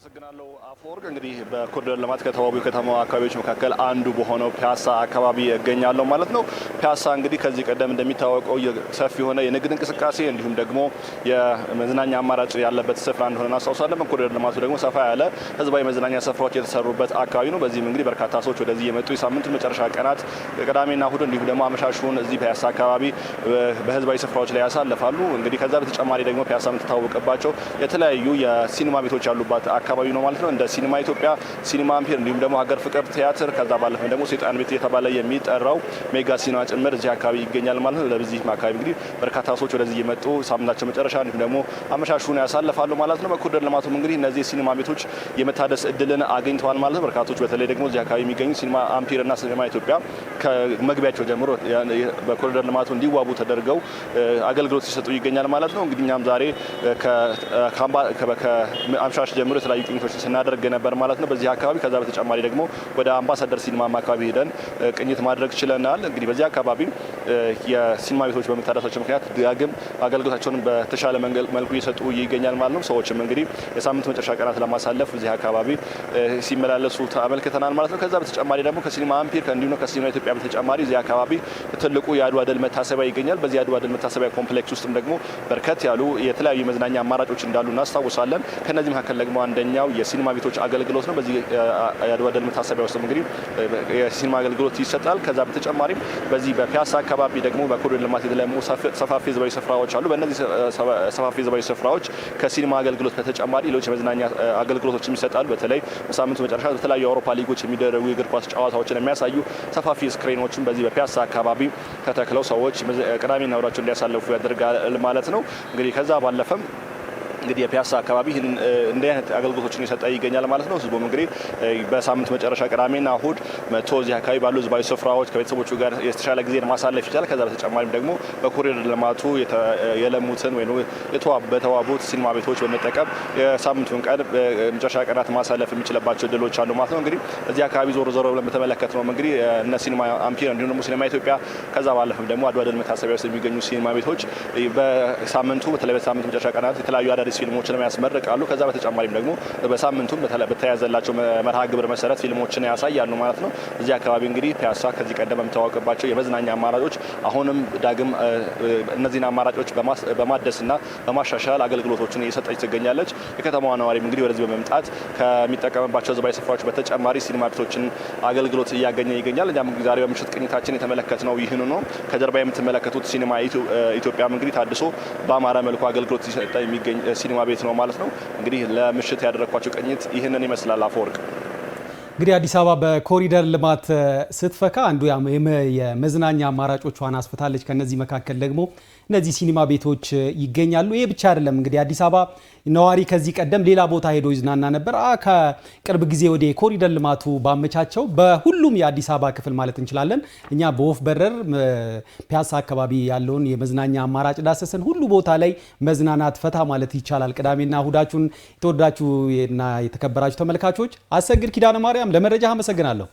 አመሰግናለሁ አፈወርቅ። እንግዲህ በኮሪደር ልማት ከተዋቡ ከተማ አካባቢዎች መካከል አንዱ በሆነው ፒያሳ አካባቢ እገኛለሁ ማለት ነው። ፒያሳ እንግዲህ ከዚህ ቀደም እንደሚታወቀው ሰፊ የሆነ የንግድ እንቅስቃሴ እንዲሁም ደግሞ የመዝናኛ አማራጭ ያለበት ስፍራ እንደሆነ እናስታውሳለን። በኮሪደር ልማቱ ደግሞ ሰፋ ያለ ህዝባዊ መዝናኛ ስፍራዎች የተሰሩበት አካባቢ ነው። በዚህም እንግዲህ በርካታ ሰዎች ወደዚህ የመጡ የሳምንቱን መጨረሻ ቀናት ቅዳሜና እሁድ እንዲሁም ደግሞ አመሻሹን እዚህ ፒያሳ አካባቢ በህዝባዊ ስፍራዎች ላይ ያሳልፋሉ። እንግዲህ ከዛ በተጨማሪ ደግሞ ፒያሳ የምትታወቅባቸው የተለያዩ የሲኒማ ቤቶች ያሉባት አካባቢ አካባቢ ነው ማለት ነው። እንደ ሲኒማ ኢትዮጵያ፣ ሲኒማ አምፒር እንዲሁም ደግሞ ሀገር ፍቅር ቲያትር ከዛ ባለፈ ደግሞ ሴጣን ቤት የተባለ የሚጠራው ሜጋ ሲኒማ ጭምር እዚህ አካባቢ ይገኛል ማለት ነው። ለዚህ አካባቢ እንግዲህ በርካታ ሰዎች ወደዚህ እየመጡ ሳምንታቸው መጨረሻ እንዲሁም ደግሞ አመሻሹን ያሳልፋሉ ማለት ነው። በኮሪደር ልማቱም እንግዲህ እነዚህ ሲኒማ ቤቶች የመታደስ እድልን አግኝተዋል ማለት ነው። በርካቶች በተለይ ደግሞ እዚህ አካባቢ የሚገኙ ሲኒማ አምፒር እና ሲኒማ ኢትዮጵያ ከመግቢያቸው ጀምሮ በኮሪደር ልማቱ እንዲዋቡ ተደርገው አገልግሎት ሲሰጡ ይገኛል ማለት ነው። እንግዲህ እኛም ዛሬ ከአምሻሽ ጀምሮ የተለያዩ የተለያዩ ቅኝቶችን ስናደርግ ነበር ማለት ነው በዚህ አካባቢ። ከዛ በተጨማሪ ደግሞ ወደ አምባሳደር ሲኒማም አካባቢ ሄደን ቅኝት ማድረግ ችለናል። እንግዲህ በዚህ አካባቢ የሲኒማ ቤቶች በመታደሳቸው ምክንያት ዳግም አገልግሎታቸውን በተሻለ መልኩ እየሰጡ ይገኛል ማለት ነው። ሰዎችም እንግዲህ የሳምንት መጨረሻ ቀናት ለማሳለፍ እዚህ አካባቢ ሲመላለሱ ተመልክተናል ማለት ነው። ከዛ በተጨማሪ ደግሞ ከሲኒማ አምፒር እንዲሁም ከሲኒማ ኢትዮጵያ በተጨማሪ እዚህ አካባቢ ትልቁ የአድዋ ድል መታሰቢያ ይገኛል። በዚህ የአድዋ ድል መታሰቢያ ኮምፕሌክስ ውስጥም ደግሞ በርከት ያሉ የተለያዩ የመዝናኛ አማራጮች እንዳሉ እናስታውሳለን። ከነዚህ መካከል ደግሞ አን አንደኛው የሲኒማ ቤቶች አገልግሎት ነው። በዚህ የአድዋ ድል መታሰቢያ ውስጥ እንግዲህ የሲኒማ አገልግሎት ይሰጣል። ከዛ በተጨማሪም በዚህ በፒያሳ አካባቢ ደግሞ በኮሪደር ልማት የተለያዩ ሰፋፊ ህዝባዊ ስፍራዎች አሉ። በእነዚህ ሰፋፊ ህዝባዊ ስፍራዎች ከሲኒማ አገልግሎት በተጨማሪ ሌሎች የመዝናኛ አገልግሎቶችም ይሰጣሉ። በተለይ በሳምንቱ መጨረሻ በተለያዩ የአውሮፓ ሊጎች የሚደረጉ የእግር ኳስ ጨዋታዎችን የሚያሳዩ ሰፋፊ ስክሪኖችን በዚህ በፒያሳ አካባቢ ተተክለው ሰዎች ቅዳሜና እሁዳቸውን እንዲያሳልፉ ያደርጋል ማለት ነው። እንግዲህ ከዛ ባለፈም እንግዲህ የፒያሳ አካባቢ እንዲህ አይነት አገልግሎቶችን እየሰጠ ይገኛል ማለት ነው። ህዝቡም እንግዲህ በሳምንት መጨረሻ ቅዳሜና እሁድ መቶ እዚህ አካባቢ ባሉ ህዝባዊ ስፍራዎች ከቤተሰቦቹ ጋር የተሻለ ጊዜን ማሳለፍ ይችላል። ከዛ በተጨማሪም ደግሞ በኮሪደር ልማቱ የለሙትን ወይ በተዋቡት ሲኒማ ቤቶች በመጠቀም የሳምንቱን ቀን መጨረሻ ቀናት ማሳለፍ የሚችልባቸው እድሎች አሉ ማለት ነው። እንግዲህ እዚህ አካባቢ ዞሮ ዞሮ ብለን በተመለከት ነው እንግዲህ እነ ሲኒማ አምፒር እንዲሁም ደግሞ ሲኒማ ኢትዮጵያ ከዛ ባለፍም ደግሞ አድዋ ድል መታሰቢያ ውስጥ የሚገኙ ሲኒማ ቤቶች በሳምንቱ በተለይ በሳምንቱ መጨረሻ ቀናት የተለያዩ አዳ አዳዲስ ፊልሞችንም ያስመርቃሉ። ከዛ በተጨማሪም ደግሞ በሳምንቱም በተያዘላቸው መርሃ ግብር መሰረት ፊልሞችን ያሳያሉ ማለት ነው። እዚህ አካባቢ እንግዲህ ፒያሳ ከዚህ ቀደም በሚታወቅባቸው የመዝናኛ አማራጮች አሁንም ዳግም እነዚህን አማራጮች በማደስና በማሻሻል አገልግሎቶችን እየሰጠች ትገኛለች። የከተማዋ ነዋሪም እንግዲህ ወደዚህ በመምጣት ከሚጠቀምባቸው ህዝባዊ ስፍራዎች በተጨማሪ ሲኒማ ቤቶችን አገልግሎት እያገኘ ይገኛል። እኛም ዛሬ በምሽት ቅኝታችን የተመለከትነው ይህኑ ነው። ከጀርባ የምትመለከቱት ሲኒማ ኢትዮጵያም እንግዲህ ታድሶ በአማራ መልኩ አገልግሎት ሲሰጥ ሲኒማ ቤት ነው ማለት ነው። እንግዲህ ለምሽት ያደረግኳቸው ቅኝት ይህንን ይመስላል። አፈወርቅ እንግዲህ አዲስ አበባ በኮሪደር ልማት ስትፈካ አንዱ የመዝናኛ አማራጮቿን አስፍታለች። ከነዚህ መካከል ደግሞ እነዚህ ሲኒማ ቤቶች ይገኛሉ። ይሄ ብቻ አይደለም። እንግዲህ አዲስ አበባ ነዋሪ ከዚህ ቀደም ሌላ ቦታ ሄዶ ይዝናና ነበር። ከቅርብ ጊዜ ወደ የኮሪደር ልማቱ ባመቻቸው በሁሉም የአዲስ አበባ ክፍል ማለት እንችላለን እኛ በወፍ በረር ፒያሳ አካባቢ ያለውን የመዝናኛ አማራጭ ዳሰሰን። ሁሉ ቦታ ላይ መዝናናት ፈታ ማለት ይቻላል። ቅዳሜና እሁዳችሁን ና የተከበራችሁ ተመልካቾች አሰግድ ኪዳነ ማርያም ማርያም ለመረጃ አመሰግናለሁ።